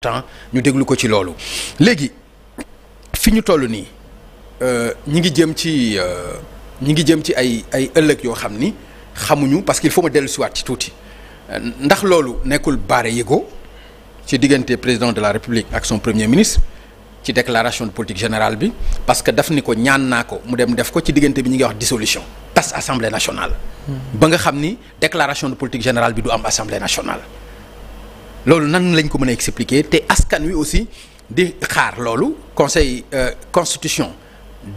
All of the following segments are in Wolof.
temps ñu déglu ko ci loolu léegi fi ñu toll nii euh, ñi ngi jëm ci euh, ñi ngi jëm ci ay ay ëllëg yoo xam ni xamuñu parce qu'il faut ma dellu siwaat ci tuuti ndax loolu nekkul baare yëgoo ci diggante président de la république ak son premier ministre ci déclaration de politique générale bi parce que daf ni ko ñaan naa ko mu dem def ko ci diggante bi ñu ngi wax dissolution tas assemblée nationale hmm. ba nga xam ni déclaration de politique générale bi du am assemblée nationale loolu nan lañ ko mën a expliquer te askan wi aussi di xaar loolu conseil euh, constitution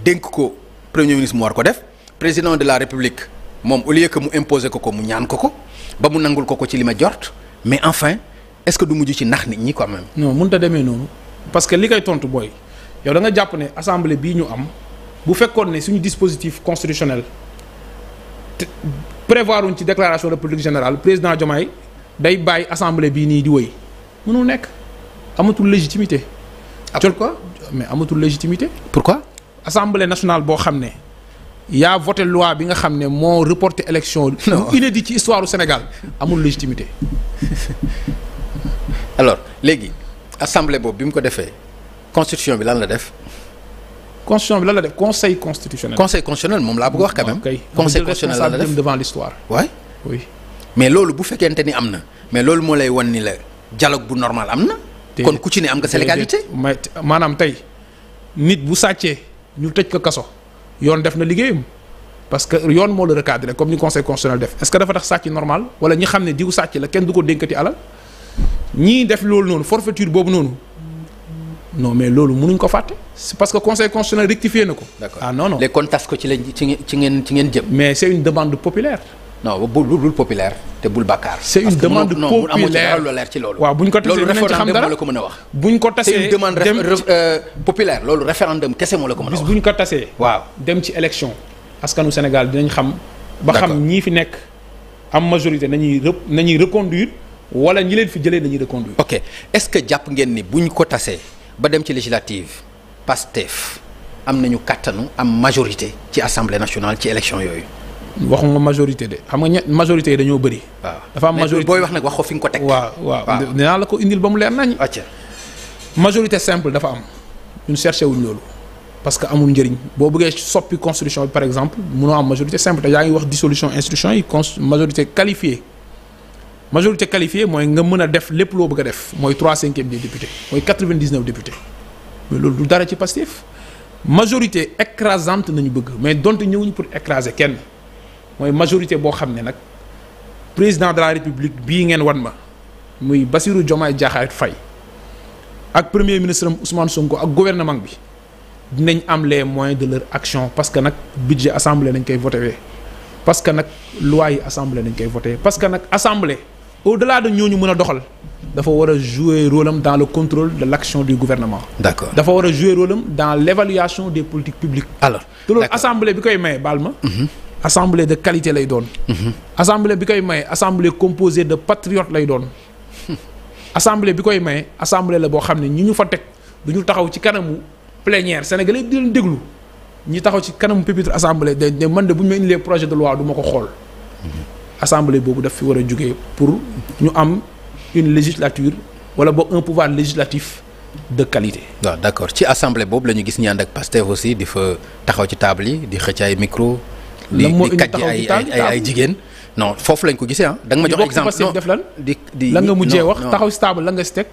dénk ko premier ministre mu war ko def président de la république moom au lieu que mu imposer ko ko mu ñaan ko ko ba mu nangul ko ko ci li ma jort mais enfin est-ce que du mujj ci nax nit ñi quand même. non mënut a demee noonu parce que li kay tontu booy yow da nga jàpp ne assemblée bii ñu am bu fekkoon ne suñu dispositif constitutionnel prévoir wuñ ci déclaration de politique générale président Diomaye day bàyyi assemblée bii nii di woy mënul nekk amatul légitimité. amatul ah, quoi mais amatul légitimité. pourquoi. assemblée nationale boo xam ne yaa voté loi bi nga xam ne moo reporté élection. non inédit ci histoire du Sénégal amul légitimité. alors léegi assemblée boobu bi mu ko defee constitution bi lan la def. constitution bi la def conseil constitutionnel. conseil constitutionnel moom laa bëgg wax quand même. conseil constitutionnel lan la def devant l'histoire. waay mais loolu bu fekkente ni am na. mais loolu moo lay wan ni la dialogue bu normal am na. kon ku ci ne am nga sa légalité. maanaam tey nit bu sàccee ñu tëj ko kaso yoon def na liggéeyam parce que yoon moo la recadré comme ni conseil constitutionnel def est que dafa tax sàcc normal wala ñi xam ne diw sàcc la kenn du ko dénkati alal ñii def loolu noonu forfaiture boobu noonu non mais loolu mënuñ ko fàtte. c'est parce que conseil constitutionnel rectifié na ko. d'accord ah non non léegi kon tas ko ci la ci ngeen ci ngeen jëm. mais c'est une demande non bu bul populaire te bul bàkkaar. c'est une demande populaire parce que loolu. waaw bu ñu ko tasee dinañ ci xam dara loolu référendum moo la ko mën a wax. bu ñu ko tasee c'est une demande populaire loolu référendum kese moo la ko mën a wax. bis bu ñu ko tasee. waaw dem ci élection askanu Sénégal dinañ xam. ba xam ñii fi nekk am majorité nañuy re nañuy reconduire wala ñi leen fi jëlee nañuy reconduire. ok est-ce que jàpp ngeen ni bu ñu ko tasee ba dem ci législative Pastef am nañu kàttanu am majorité ci assemblée nationale ci élection yooyu. waxuma majorité de xam nga ñett majorité yi dañoo bëri. waaw dafa am majorité booy wax nag wax ko fi nga ko teg. waaw waaw dinaa la ko indil ba mu leer nañ. majorité simple dafa am ñun cherché wuñ loolu. parce que amul njëriñ boo bëggee soppi constitution par exemple munoo am majorité simple te yaa ngi wax dissolution institution yi con majorité qualifiée majorité qualifiée mooy nga mën a def lépp loo bëgg a def mooy trois cinquième des députés mooy quatre vingt dix neuf députés loolu du dara ci Pastef majorité écrasante nañu bëgg mais donte ñëwuñ pour écraser kenn. mooy majorité boo xam ne nag président de la république bii ngeen wan ma muy Bassirou Diomaye Diakhar fay ak premier ministre am Ousmane Sonko ak gouvernement bi dinañ am les moyens de leur action parce que nag budget assemblée nañ koy voté wee parce que nag loi yi assemblée nañ koy voté parce que nag assemblée au-delà de ñu mën a doxal dafa war a jouer rôle am dans le contrôle de l'action du gouvernement. d'accord dafa war a jouer rôle am dans l'évaluation des politiques publiques. alors te loolu bi koy maye baal ma. Mhm. assemblée de qualité lay doon. Mhm. assemblée bi koy maye assemblée composée de patriotes lay doon. assemblée bi koy maye assemblée la boo xam ne ñi ñu fa teg du ñu taxaw ci kanamu plénière sénégalais di leen déglu ñi taxaw ci kanamu pupitre assemblée de day man de bu ñu ma indilee projet de loi duma ko xool. Mhm. assemblée boobu def fi war a jógee pour ñu am une législature wala boog un pouvoir législatif. de qualité. waaw d' accord ci assemblée boobu la ñu gis ñi ànd ak Pastef aussi di fa taxaw ci table yi di xëcc ay micro li di kàjji ay ay jigéen. non foofu lañ ko gisee ah. da nga ma jox exemple def lan. di di lan nga mujjee wax taxaw si table lan nga si teg.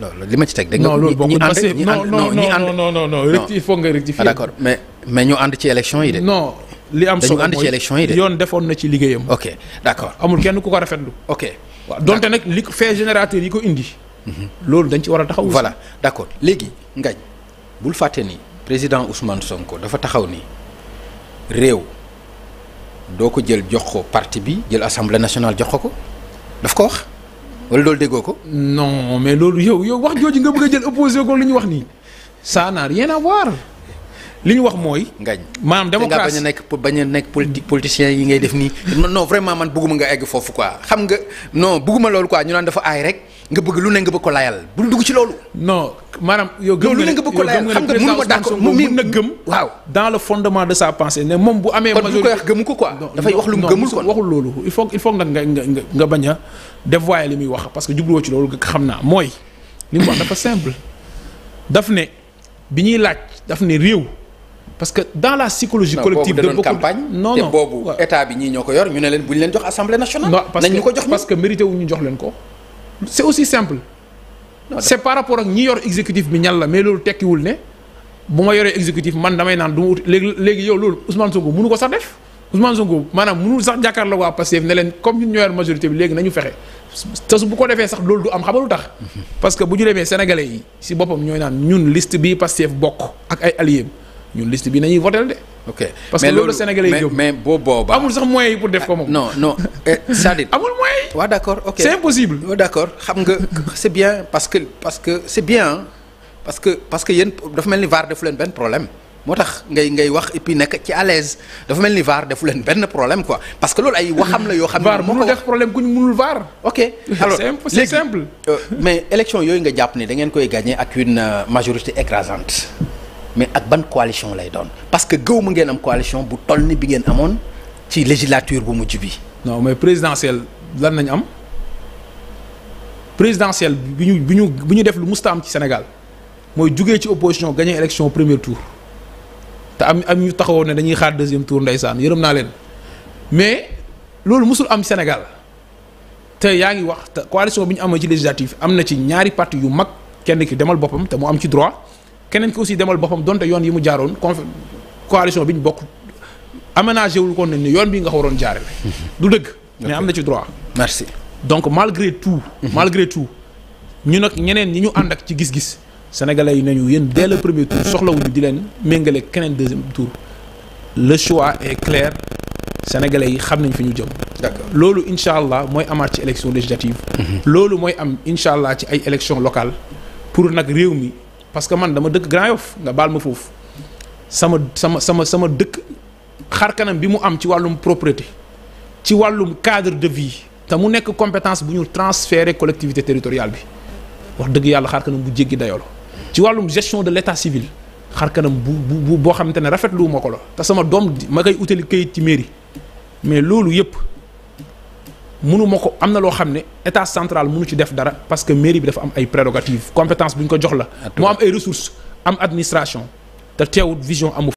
non li ma ci teg. dégg nga ñi ànd ñi ànd non non non non rectifier foog nga rectifier. Ah, d'accord mais mais ñu ànd ci élection yi de. non li am solo dañu ànd ci yi de. yoon defoon na ci liggéeyam. ok d'accord amul kenn ku ko rafetlu. ok waaw donte nag li ko fait générateur yi ko indi. Mhm. loolu dañ ci war a taxaw. voilà d'accord léegi Ngagne bul fàtte ni président Ousmane Sonko dafa taxaw nii réew doo ko jël jox ko parti bi jël assemblée nationale jox ko ko daf ko wax wala loolu déggoo ko. non mais loolu yow yow wax jooju nga bëgg a jël opposé ko li ñu wax nii ça n'a rien à li ñu wax mooy. ngañ maanaam démocratie bañ a nekk bañ a nekk politique politicien yi ngay def nii non vraiment man bëgguma nga egg foofu quoi xam nga non bëgguma loolu quoi ñu naan dafa aay rek. nga bëgg lu ne nga bëgg ko layal bul dugg ci loolu. non maanaam yow. gëm nga ne nga ne président Ousmane Sonko mën na gëm. waaw dans le fondement de sa pensée ne moom bu dafay wax lu mu gëmul kon waxul loolu il faut il faut nag nga nga nga bañ a li muy wax parce jubluwoo ci loolu xam naa mooy li mu wax dafa simple daf ne bi ñuy laaj daf ne réew. parce que psychologie collective de beaucoup campagne non boobu état bi ñii ñoo ko yor ñu ne leen bu ñu leen jox assemblée nationale. nañ leen ko. c'est aussi simple. c'est par rapport ak ñi yor exécutif bi ñal la mais loolu tekkiwul ne bu ma yoree exécutif man damay naan du ma ut léegi léegi yow loolu Ousmane Sonko mënu ko sax def Ousmane Sonko maanaam mënul sax jàkkaarloo waa Pastef ne leen comme ñun ñoo yor majorité bi léegi nañu fexe te su bu ko defee sax loolu du am xamalu tax. parce que bu ñu demee sénégalais yi si boppam ñooy naan ñun liste bii Pastef bokk ak ay alliés ñun liste bi nañuy votel de. ok parce que loolu Sénégalais yi yóbbu mais boo boobaa amul sax moyens yi pour def ko moom. non non eh, c'est-à-dire. amul moyens yi. waaw d'accord ok c'est impossible. d'accord xam nga c'est bien parce que parce que c'est bien parce que parce que yéen dafa mel ni VAR defu leen benn problème. moo tax ngay ngay wax et puis nekk ci à mel ni VAR defu leen benn problème quoi parce que loolu ay waxam la yoo xam ne. VAR mënul def problème ku ñu mënul VAR. ok alors c'est simple. Euh, mais élection yooyu nga jàpp ni da ngeen koy gagner ak une euh, majorité écrasante. mais ak ban coalition lay doon parce que gëw mu ngeen am coalition bu toll ni bi ngeen amoon ci législature bu mujj bi. non mais présidentielle lan nañ am présidentielle bi ñu bi ñu bi ñu def lu musta am ci Sénégal mooy jógee ci opposition gagné élection premier tour te am am ñu taxawoon ne dañuy xaar deuxième tour ndeysaan yërëm naa leen mais loolu musul am Sénégal te yaa ngi wax te coalition bi ñu amee ci législative am na ci ñaari partie yu mag kenn ki demal boppam te mu am ci droit. keneen ki aussi demal boppam donte yoon yi mu jaaroon coalition bi ñu bokk aménagé wu koon nañ ne yoon bi nga waroon jaare du dëgg mais am na ci droit merci donc malgré tout malgré tout ñu nag ñeneen ñi ñu ànd ak ci gis-gis sénégalais yi nañu yéen dès le premier tour soxlawuñu di leen méngale keneen deuxième tour le choix est clair sénégalais yi xam nañ fi ñu jëm d'accord loolu incha allah mooy amaat ci élection législative mhm. loolu mooy am incha allah ci ay élection locale pour nag réew mi parce que man dama dëkk Grand Yoff nga baal ma foofu sama sama sama sama dëkk xar kanam bi mu am ci wàllum propriété ci wàllum cadre de vie te mu nekk compétence bu ñu transférer collectivité territoriale bi wax dëgg yàlla xar kanam bu jéggi dayoolo ci wàllum gestion de l'état civil xar kanam bu bu boo xamante ne rafet rafetlu ma ko la te sama doom ma koy utali kayit ci mairie mais loolu yëpp. mënu ma ko am na loo xam ne état central mënu ci def dara parce que mairie bi dafa am ay prérogatives compétence bu ñu ko jox la. Ah, mu am ay ressources am administration te teewut vision amu.